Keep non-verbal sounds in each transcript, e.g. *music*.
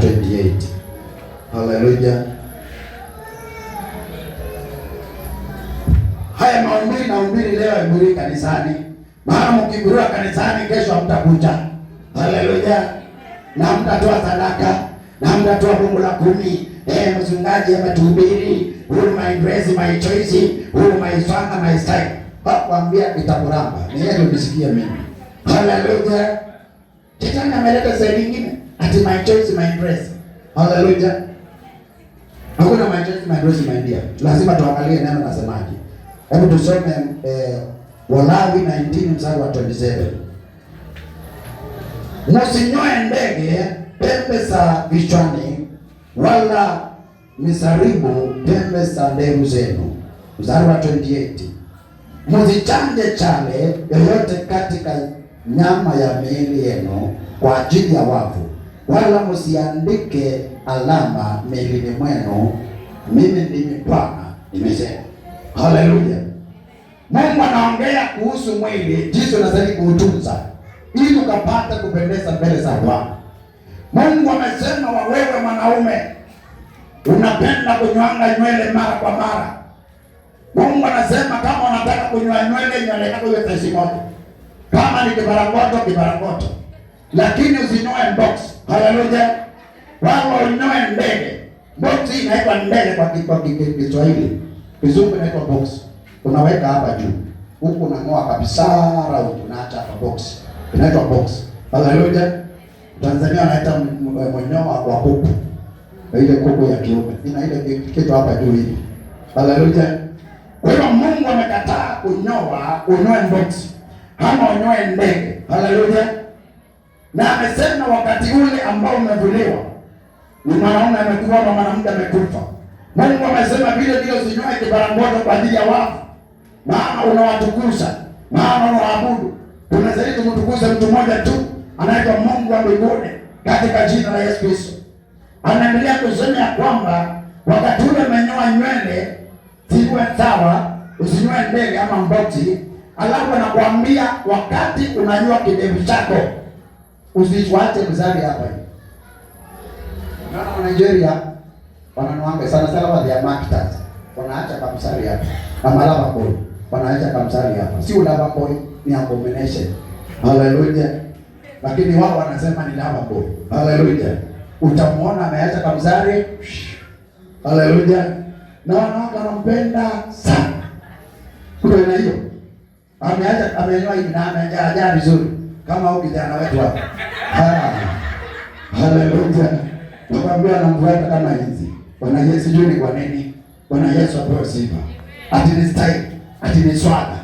28. Haleluya. Haya mahubiri na ubiri leo iburi kanisani. Maana mkiburua kanisani kesho hamtakuja. Haleluya. Na mtatoa sadaka na mtatoa fungu la kumi. Eh, mchungaji ametuhubiri, huyu my grace my choice, huyu my swanga my style. Bakwambia itakuramba. Ni yeye nisikie mimi. Haleluya. Tetana ameleta sehemu nyingine. Ati my choice my dress. Hallelujah. Hakuna my choice my dress my dear. Lazima tuangalie neno nasemaje. Hebu tusome eh, Walawi 19 mstari wa 27. Msinyoe ndege pembe za vichwani wala misaribu pembe za ndevu zenu. Mstari wa 28. muzichanje chale yoyote katika nyama ya miili yenu kwa ajili ya wafu wala msiandike alama mioyoni mwenu, mimi ndimi Bwana nimesema. Haleluya! Mungu anaongea kuhusu mwili, jinsi unastahili kuutunza ili ukapata kupendeza mbele za Bwana. Mungu amesema wa wewe mwanaume unapenda kunywanga nywele mara kwa mara. Mungu anasema kama unataka kunywa nywele, nywele yako iwe tezi kama ni kibarakoto, kibarakoto lakini usinoe box. Haleluya! wao unoe ndege. Box inaitwa ndege kwa Kiswahili, kizungu inaitwa box. Unaweka hapa juu, huku unang'oa kabisa, au unaacha hapa. Box inaitwa box. Haleluya! Tanzania wanaita mwenyoa wa kuku, ile kuku ya kiume ina ile kitu hapa juu hivi. Haleluya! Kwa hiyo Mungu amekataa kunyoa, unoe box, ama unyoe ndege. Haleluya! na amesema wakati ule ambao umevuliwa ni mwanaume amekuwa na mwanamke amekufa. Mungu amesema vile vile usinywae kibarangoto kwa ajili ya wafu, maana unawatukuza, maana unawaabudu. Tunazidi kumtukuza mtu mmoja tu anaitwa Mungu wa mbinguni katika jina la Yesu Kristo. Anaendelea kusema ya kwamba wakati ule amenyoa nywele ziwe sawa, usinywe ndege ama mboti, alafu anakuambia wakati unanyoa kidevu chako usifuate mzazi hapa hivi. Unaona wa Nigeria wananuanga sana sana wa ya masters. Wanaacha kamsari hapa. Na mara malaba boy. Wanaacha kwa kamsari hapa. Si ulaba boy ni abomination. Hallelujah. Lakini wao wanasema ni lava boy. Hallelujah. Utamwona ameacha kwa kamsari. Hallelujah. Na wanaona wanampenda sana. Kuna hiyo. Ameacha ameinua hivi na ameacha vizuri kama huyu kijana wetu hapa. Haleluya. Tukambia na mvua kama hizi. Bwana Yesu juu ni kwa nini? Bwana Yesu apewe sifa. Ati ni style, ati ni swada.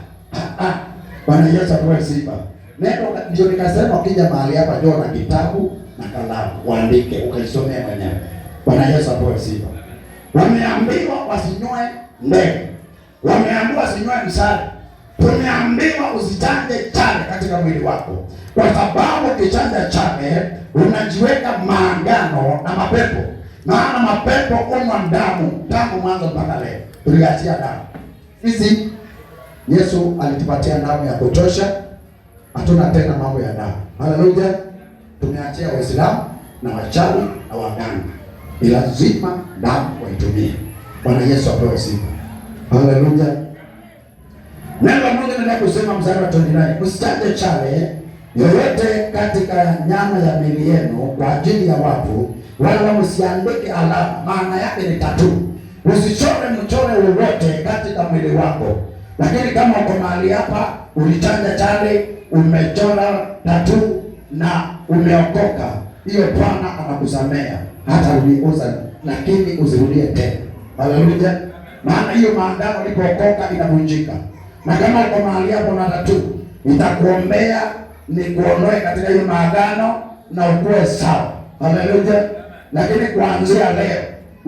Bwana Yesu apewe sifa. Neno ndio nikasema ukija mahali hapa njoo na kitabu na kalamu uandike ukaisomea mwenyewe. Bwana Yesu apewe sifa. Wameambiwa wasinyoe ndevu. Wameambiwa wasinyoe msari tumeambiwa usichanje chane katika mwili wako, kwa sababu ukichanja chane unajiweka maangano na mapepo, maana mapepo kunywa damu tangu mwanzo mpaka leo. Tuliachia damu hizi, Yesu alitupatia damu ya kutosha, hatuna tena mambo ya damu. Haleluya, tumeachia Waislamu na wachawi na waganga, ni lazima damu waitumie. Bwana Yesu apewe sifa. Haleluya. Neno la Mungu kusema mstari wa 29, msichache chale yoyote katika nyama ya miili yenu kwa ajili ya watu, wala msiandike alama, maana yake ni tatu. Usichore mchoro wowote katika mwili wako, lakini kama uko mahali hapa ulichanja chale, umechora tatu na umeokoka, hiyo Bwana anakusamea hata uliuza, lakini usirudie tena. Haleluya! Maana hiyo maandano ilipookoka inavunjika. Madama kwa mahali hapo na tatu, nitakuombea nikuondoe katika hiyo maagano na ukuwe sawa. Haleluya! Lakini kuanzia leo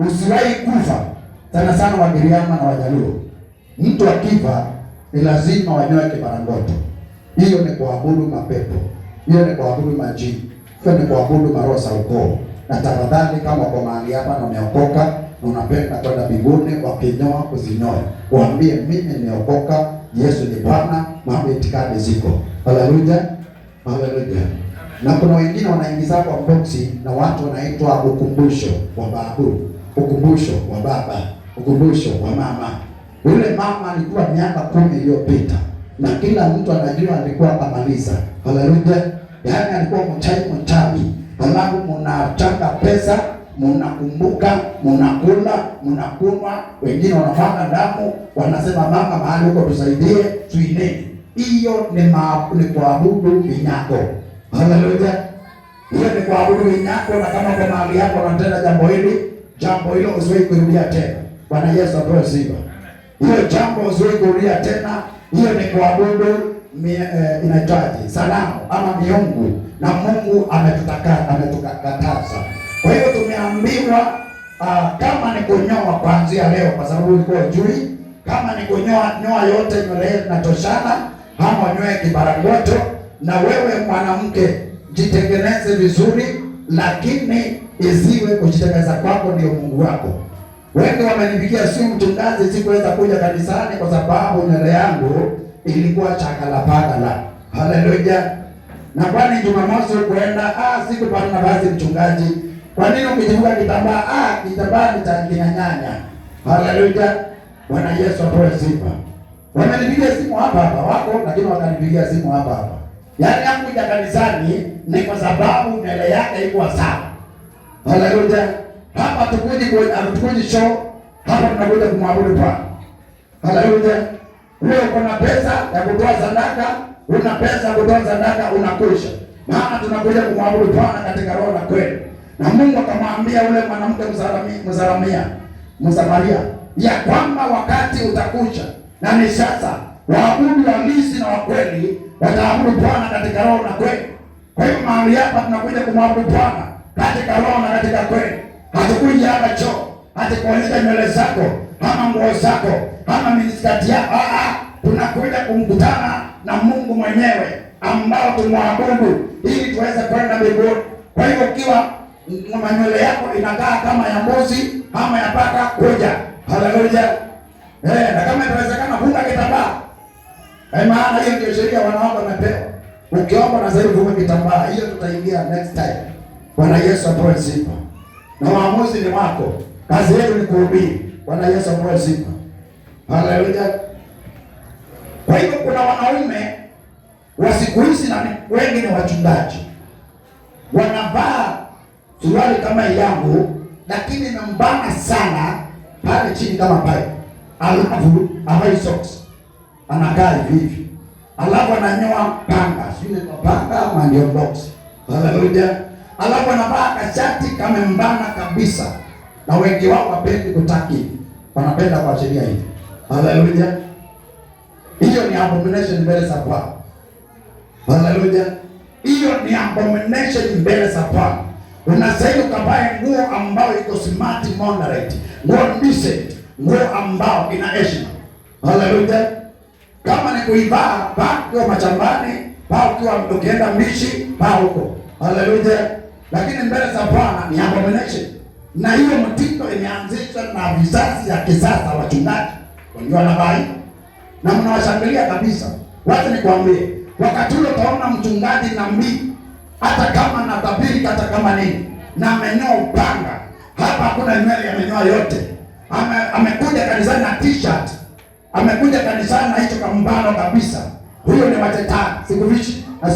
usiwahi kufa sana sana, Wagiriama na Wajaluo, mtu akifa ni lazima wanyoe kibarangoto. Hiyo ni kuabudu mapepo, hiyo ni kuabudu majini, hiyo ni kuabudu maroho za ukoo. Na tafadhali, kama kwa mahali hapa na umeokoka na unapenda kwenda mbinguni, wakinyoa kuzinyoa, waambie mimi nimeokoka Yesu ni Bwana, mambo itikadi ziko. Haleluya, haleluya. Na kuna wengine wanaingiza kwa boksi na watu wanaitwa ukumbusho wa babu, ukumbusho wa baba, ukumbusho wa mama. Yule mama alikuwa miaka kumi iliyopita na kila mtu anajua alikuwa akamaliza. Haleluya, yaani alikuwa mchai mchawi, halafu mnataka pesa mnakumbuka, mnakula, mnakunywa, wengine wanafanga damu, wanasema mama, mahali huko tusaidie, tuineni. Hiyo ni ma, ni kuabudu vinyago. Haleluya! Hiyo ni kuabudu vinyago, na kama kwa mahali yako wanatenda jambo hili, jambo hilo usiwahi kurudia tena. Bwana Yesu apewe sifa. Hiyo jambo usiwahi kurudia tena. Hiyo ni kuabudu eh, inaitwaje, sanamu ama miungu, na Mungu ametukataza. Kwa hiyo unaambiwa uh, ah, kama ni kunyoa kuanzia leo, kwa sababu ulikuwa ujui kama ni kunyoa, nyoa yote nywele zinatoshana, ama nyoe kibarangoto. Na wewe mwanamke, jitengeneze vizuri, lakini isiwe kujitengeneza kwako ndio Mungu wako. Wengi wamenipigia simu, mchungaji, sikuweza kuja kanisani kwa sababu nywele yangu ilikuwa chakalapagala. Haleluya! na kwani Jumamosi kuenda ah, sikupata nafasi mchungaji kwa nini ukijifunga kitambaa? Ah, kitambaa ni cha kina nyanya. Haleluya. Bwana Yesu apoe sifa. Wamenipigia simu hapa hapa wako, lakini wakanipigia simu hapa hapa. Yaani hakuja kanisani ni kwa sababu mbele yake iko sawa. Haleluya. Hapa tukuje kwa atukuje show, hapa tunakuja kumwabudu kwa. Haleluya. Wewe uko na pesa ya kutoa sadaka, una pesa ya kutoa sadaka unakwisha. Maana tunakuja kumwabudu Bwana katika roho na kweli na Mungu akamwambia yule mwanamke Msamaria Msamaria ya kwamba wakati utakuja na ni sasa, waabudu wa misi na wakweli wataabudu Bwana katika roho na kweli. Kwa hiyo mahali hapa tunakuja kumwabudu Bwana katika roho na katika kweli. Hatukuja hapa cho hata kuonyesha nywele zako ama nguo zako ama miniskati yako. Ah, ah, tunakuja kumkutana na Mungu mwenyewe ambao tumwabudu ili tuweze kwenda mbinguni. Kwa hiyo ukiwa manywele yako inakaa kama ya mbuzi ama ya paka, kuja. Haleluya. Eh, na kama inawezekana huna kitambaa. Eh, maana hiyo ndio sheria wanaomba wamepewa. Ukiomba na zaidi uwe kitambaa. Hiyo tutaingia next time. Bwana Yesu apoe sifa. Na maamuzi ni wako. Kazi yetu ni kuhubiri. Bwana Yesu apoe sifa. Haleluya. Kwa hivyo kuna wanaume wa siku hizi na wengi ni wachungaji. Wanavaa suruali kama yangu, lakini nambana sana pale chini kama pale, alafu avai socks, anakaa hivi hivi, alafu ananyoa panga, sio panga ama ndio box. Haleluya! Alafu anavaa kashati kamembana kabisa, na wengi wao wapendi kutaki, wanapenda kuachilia hivi. Haleluya! Hiyo ni abomination mbele za Bwana. Haleluya! Hiyo ni abomination mbele za Bwana unastahili ukavae nguo ambayo iko smart moderate, nguo decent, nguo ambayo ina heshima. Haleluya! kama ni kuivaa pa ukiwa machambani, pa ukiwa ukienda mbishi, pa huko. Haleluya! lakini mbele za Bwana ni abomination, na hiyo mtindo imeanzishwa na vizazi ya kisasa. Wachungaji wanajua nabai na mnawashangilia kabisa. Wacha nikwambie, wakati ule utaona mchungaji nabii hata kama natabiri, hata kama ni na amenyoa upanga hapa, hakuna nywele, amenyoa yote. Ame, amekuja kanisani na t-shirt, amekuja kanisani na hicho kambano kabisa. Huyo ni matetani, sikufichi na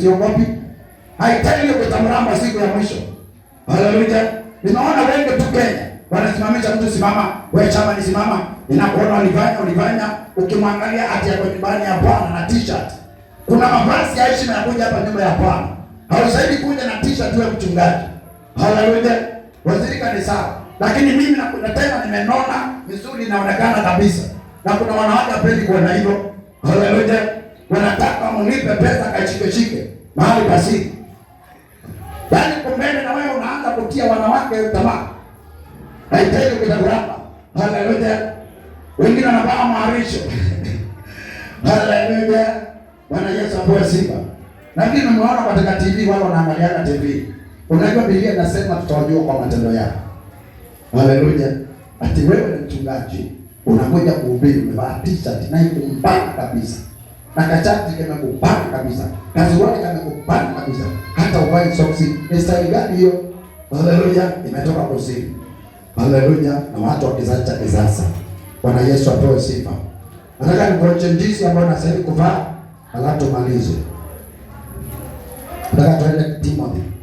siogopi. Haitaki kutamramba siku ya mwisho. Haleluya! Ninaona wengi tu Kenya wanasimamisha mtu, simama wewe, chama ni simama. ninakuona ulifanya ulifanya, ukimwangalia hati yako nyumbani ya Bwana na t-shirt. Kuna mavazi ya heshima ya kuja hapa nyumba ya Bwana Hawastahili kuja na tisha shirt ya mchungaji. Haleluya. Waziri kanisa. Lakini mimi na kuna tena nimenona vizuri inaonekana kabisa. Na kuna wanawake hapendi kuona hivyo. Haleluya. Wanataka mnipe pesa kachike chike. Mahali pasiki. Bali yaani kumbele na wewe unaanza kutia wanawake tamaa. Haitaki kutakurapa. Haleluya. Wengine wanavaa maharisho. *laughs* Haleluya. Bwana Yesu apoe sifa. Lakini umeona katika TV wale wanaangaliana TV. Unajua Biblia inasema tutawajua kwa matendo yao. Haleluya. Ati wewe ni mchungaji, unakuja kuhubiri umebahatisha tena kumbana kabisa. Na kachati kama kumbana kabisa. Kazi wake kama kumbana kabisa. Hata uvai soksi, ni style gani hiyo? Haleluya, imetoka kuzimu. Haleluya, na watu wa kizazi cha kisasa. Bwana Yesu atoe sifa. Nataka nikuonyeshe jinsi ambayo nasahili kuvaa, halafu tumalize. Bagaimana dimana?